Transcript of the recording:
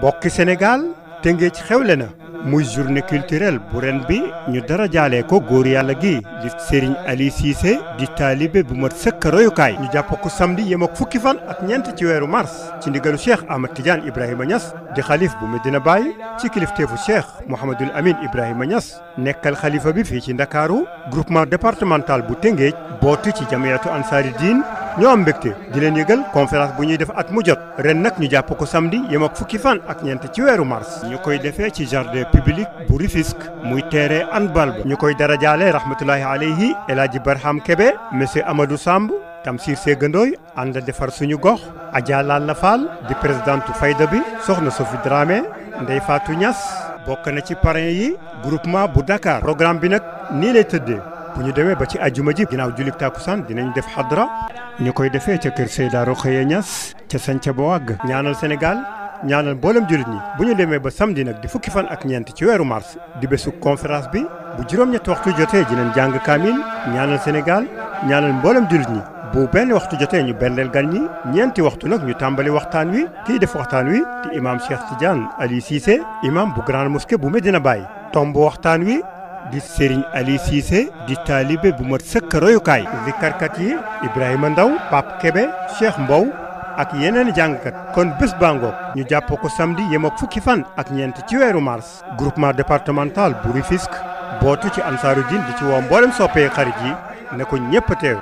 mbokki Sénégal Tëngéej xewle na muy journée culturelle bu ren bi ñu dara jaalee ko góor yàlla gi di Serigne Ali Cissé di taalibe bu mat sëkk royukaay ñu jàpp ko samedi yem ak fukki fan ak ñeent ci weeru mars ci ndigalu Cheikh Ahmad Tidiane Ibrahima Niass di xalif bu Medina bàyyi ci kilifteefu Cheikh Mouhamadul Amin Ibrahima ñas nekkal xalifa bi fii ci Ndakaaru groupement départemental bu Tëngéej bootu ci jamiyatu Ansari Diin ñoo am mbégte di leen yëgal bu ñuy def at mu jot ren nag ñu jàpp ko samedi yem ak fukki fan ak ñeent ci weeru mars ñu koy defee ci jardin public bu Rufisque muy terrain handball bi ñu koy darajaale rahmatullahi alayhi El Hadji Barham Kébé monsieur Amadou Samb Tamsir Ségandooy ànd defar suñu gox Adja Lalla Fall di présidente fayda bi soxna Sophie Dramé Ndeye Fatou Niass bokk na ci parrain yi groupement bu Dakar programme bi nag nii lay tëddee bu ñu demee ba ci ajjuma ji ginnaaw julik tàkkusaan dinañ def xadra ñu koy defee ca kër Seyda Rokhaya Niass ca Sanca ba wàgg ñaanal Sénégal ñaanal mboolem jullit ñi bu ñu demee ba samedi nag di fukki fan ak ñeent ci weeru mars di bésu conférence bi bu juróom-ñetti waxtu jotee dinañ jàng kaamil ñaanal Sénégal ñaanal mboolem jullit ñi bu benn waxtu jotee ñu berndeel gan ñi ñeenti waxtu nag ñu tàmbali waxtaan wi kiy def waxtaan wi di imam Cheikh Tidiane Ali Cissé imam bu Grande Mosquée bu Medina Baye tomb waxtaan wi di Serigne Ali Cissé di taalibe bu ma sëkk royukaay zikarkat yi Ibrahima Ndaw Pape Kebe Cheikh Mbow ak yeneen jàngkat kon bés bangoog ñu jàpp ko samedi yemak fukki fan ak ñeent ci weeru mars groupement départemental bu Rufisque bootu ci ansaaru din di ci woo mboolem soppee xarit yi ne ko ñépp teew